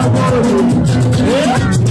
amor. Tá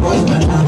boy, but